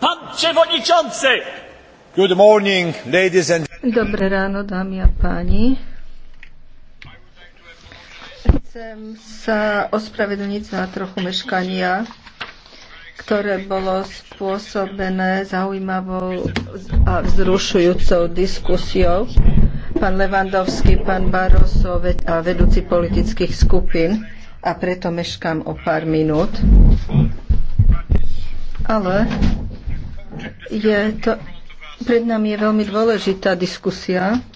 Pan przewodniczący! Good morning, ladies and... Dobre ráno, dámy a páni. Chcem sa ospravedlniť za trochu meškania, ktoré bolo spôsobené zaujímavou a vzrušujúcou diskusiou. Pán Levandovský, pán Barroso a vedúci politických skupín a preto meškám o pár minút. Ale je to, pred nami je veľmi dôležitá diskusia.